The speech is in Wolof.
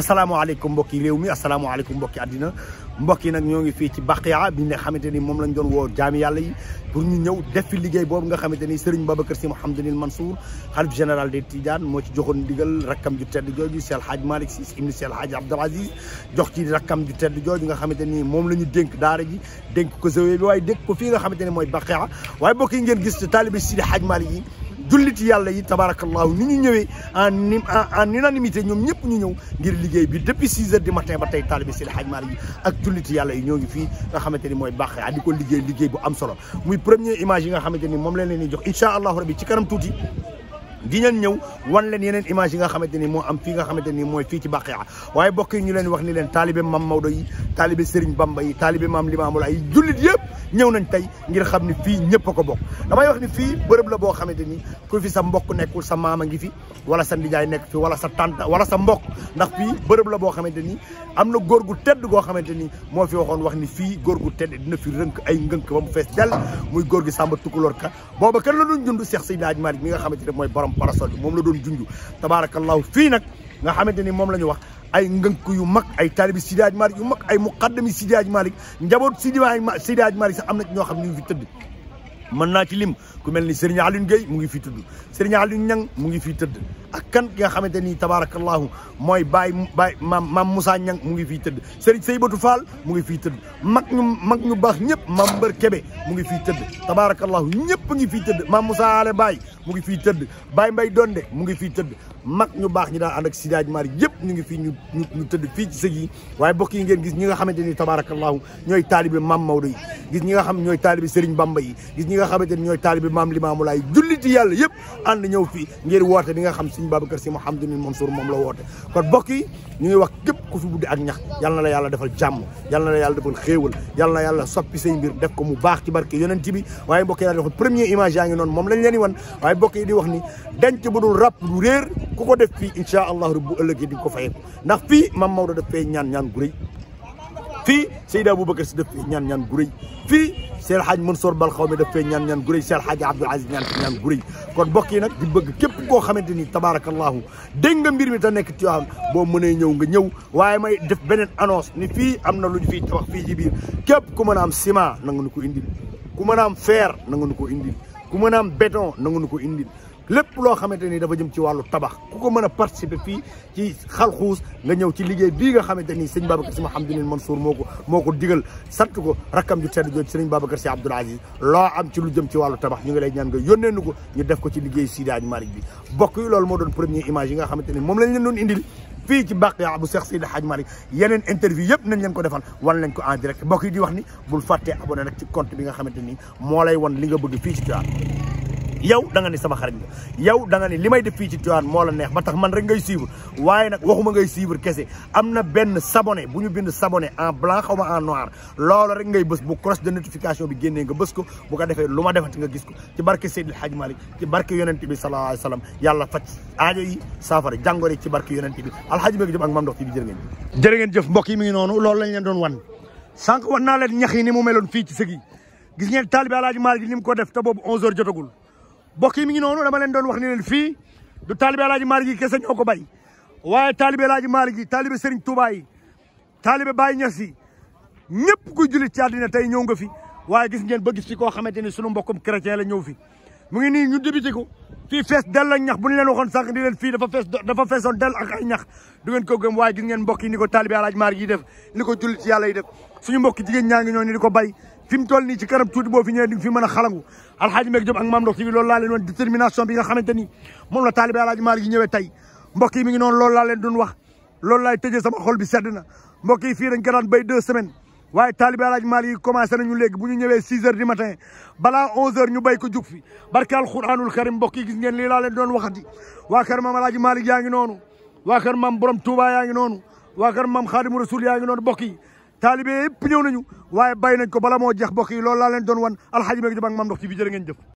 asalaamaaleykum mbokki réew mi asalaamaaleykum mbokki àddina mbokk yi nag ñoo ngi fii ci Baqiya bi nga xamante ni moom lañ doon woo jaami yàlla yi pour ñu ñëw def fi liggéey boobu nga xamante ni Serigne Babacar Sy Mouhamadulil Mansour xalif général des Tidiane moo ci joxoon ndigal rakkam ju tedd jooju Seydi El Hadji Malick Sy ibnu Seydi El Hadji Abdoul Aziz jox ci rakkam ju tedd jooju nga xamante ni moom la ñu dénk daara ji dénk ko zawiya bi waaye dénk ko fii nga xamante ni mooy Baqiya waaye mbokk yi ngeen gis taalibe Seydi El Hadji Malick yi jullit yàlla yi tabaarakallaahu ni ñu ñëwee en en ñoom ñëpp ñu ñëw ngir liggéey bi depuis six heures du matin ba tey taalibi Seydi Hadji Malick yi ak jullit yàlla yi ñoo ngi fii nga xamante ni mooy Bakhya a ko liggéey liggéey bu am solo muy premier image yi nga xamante ni moom lañ leen di jox incha allahu rabi ci kanam tuuti di ñeen ñëw wan leen yeneen image yi nga xamante ni moo am fii nga ni mooy fii ci Baqiya waaye bokk leen wax ni leen taalibe Mam Maodo yi taalibe Serigne Bamba yi taalibe Maam Limaamul ay jullit yëpp ñëw nañ tey ngir xam ni fii ñëpp ko bokk damay wax ni fii bërëb la boo xamante ni ku fi sa mbokk nekkul sa maama ngi fi wala sa ndijaay nekk fi wala sa tànta wala sa mbokk ndax fii bërëb la boo xamante ni am na goor gu tedd goo xamante ni moo fi waxoon wax ni fii góor gu tedd dina fi rënk ay ngënk ba mu fees dell muy góor gi Samba Tukulóor ka booba kan la doon jund Cheikh mooy borom borom parasol moom la doon junj tabaarakallaahu fii nag nga xamante ni moom la ñu wax ay ngënk yu mag ay taalibi Sidi Hadj Malick yu mag ay muqaddami Sidi Hadj Malick njaboot Sidi Hadj Malick sax am na ci ñoo xam ñu ngi fi tëdd mën naa ci lim ku mel ni Serigne Alioune Gueye mu ngi fi tëdd Serigne Alioune Niang mu ngi fi tëdd ak kan ki nga xamante ni tabaarakallaahu mooy baay baay maam maam Moussa Niang mu ngi fii tëdd Serigne Seybatu faal mu ngi fii tëdd mag ñu mag ñu baax ñëpp maam Mbër Kebe mu ngi fii tëdd tabaarakallaahu ñëpp ngi fii tëdd maam musa Allé Baye mu ngi fii tëdd Baye Mbay Donde mu ngi fii tëdd mag ñu baax ñu daan ànd ak sidaaj maar yëpp ñu ngi fii ñu ñu tëdd fii ci sëg yi waaye bokk yi ngeen gis ñi nga xamante ni tabaarakallaahu ñooy taalibi maam Maodo yi gis ñi nga xam ñooy taalibi Serigne Bamba yi gis ñi nga xamante ni ñooy taalibi maam Limaamu Laay julliti yàlla yëpp ànd ñëw fii ngir woote bi nga xam si suñu Babacar Si Mouhamadou Mansour moom la woote kon mbokk yi ñu ngi wax képp ku fi buddi ak ñax yal na la yàlla defal jàmm yal na la yàlla defal xéewal yal na yàlla soppi say mbir def ko mu baax ci barke yonent bi waaye mbokk yi daal di wax premier image yaa ngi noonu moom lañ leen di di wax ni denc bu dul ràpp du réer ku ko def fii incha allah rabbu ëllëg yi di ko fayee ndax fii mam Maodo daf fee ñaan ñaan gu rëy fii Seydi Aboubacar si def fii ñaan ñaan gu rëy fii Seydi Hadj Mansour Bal xaw mi def fee ñaan ñaan gu rëy Seydi Hadj Abdoul Aziz ñaan fi ñaan gu rëy kon mbokk yi nag di bëgg képp koo xamante ni tabaarakallaahu dégg nga mbir mi te nekk ci am boo mënee ñëw nga ñëw waaye may def beneen annonce ni fii am na lu ñu fiy tabax fii ci biir képp ku mën a am ciment nanga nu ko indil ku mën a am fer nanga nu ko indil ku mën a am béton nanga nu ko indil lépp loo xamante ni dafa jëm ci wàllu tabax ku ko mën a participer fii ci Xalxuus nga ñëw ci liggéey bii nga xamante ni sëñ Babacar Si Mouhamadou Mansour moo ko moo ko digal sant ko rakkam ju tedd jooju sëriñ Babacar Si Abdoul loo am ci lu jëm ci wàllu tabax ñu ngi lay ñaan nga yónnee nu ko ñu def ko ci liggéey Sidaañ Malick bi loolu moo doon premier image yi nga xamante ni moom lañ leen doon indil fii ci bàq yaa bu si Seydi Hadj Malick yeneen interview yëpp nañ leen ko defal wan lañ ko en direct mbokk yi di wax ni bul fàttee abonné rek ci compte bi nga xamante ni moo lay wan li nga bëgg fii ci Tivaouane yow da nga sama xarit nga yow da nga ne li may def fii ci Tivaouane moo la neex ba tax man rek ngay suivre waaye nag waxuma ngay suivre kese am na benn s'abonner bu ñu bind s'abonner en blanc xaw ma en loolo loolu rek ngay bës bu cross de notification bi génnee nga bës ko bu ko defee lu ma defati nga gis ko ci barke Seydil Hadj Malick ci barke yonent bi sallallahu wa sallam yàlla faj aajo yi saafara jàngoro ci barke yonent bi alhaaji Malick Diop ak Mame Ndokh TV jërë ngeen jëf jërë ngeen mi ngi loolu lañ leen doon wan wan naa leen ñax yi ni mu meloon fii ci sëg yi gis ngeen taalibi alaaji Malick ni mu def te boobu 11 heures mbokk yi mi ngi noonu dama leen doon wax ni leen fii du taalibe alaaji maalik yi kese ñoo ko bay waaye taalibe alaaji maalik yi taalibe sëriñ tuubaa yi baay ñas yi ñëpp kuy jullit ci àddina tey ñëw nga fi waaye gis ngeen ba gis fi koo xamante ni sunu mbokkum chrétien la ñëw fi mu ngi nii ñu débuté ko fii fees dell ak ñax bu ñu leen waxoon sànq ni leen fii dafa dafa feesoon dell ñax du ngeen ko gëm waaye ngeen mbokk yi taalibe alaaji maalik yi def ni ko jullit ci yàlla yi def suñu mbokk jigéen ñaa ñoo ni ko bay fi mu toll nii ci kanam tuuti boo fi ñëwee di nga fi mën a xalangu alxaaji Mbeg Diop ak Mame Ndokh TV loolu laa leen doon détermination moom la taalibe alaaji Maalik gi ñëwee tey mbokk yi mi ngi noonu loolu laa leen doon wax loolu laay tëjee sama xol bi sedd na mbokk yi fii dañ deux semaines waaye taalibe alaaji Maalik gi commencé nañu léegi bu ñu ñewee six heures du matin balaa onze heures ñu béy jug fi barke alxuraanul karim mbokk yi gis ngeen lii laa leen doon waxati waa kër maam alaaji Maalik yaa ngi noonu waa kër m borom Touba yaa ngi noonu waa kër maam Xaadimu Rasuul yaa ngi taalibe yëpp ñëw nañu waaye bàyyi nañ ko bala moo jeex mbokk yi loolu laa leen doon wan alxaaji meeg jub ak maam ndox ci bi jërë ngeen jëf